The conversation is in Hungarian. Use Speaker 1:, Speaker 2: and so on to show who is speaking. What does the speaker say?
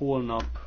Speaker 1: holnap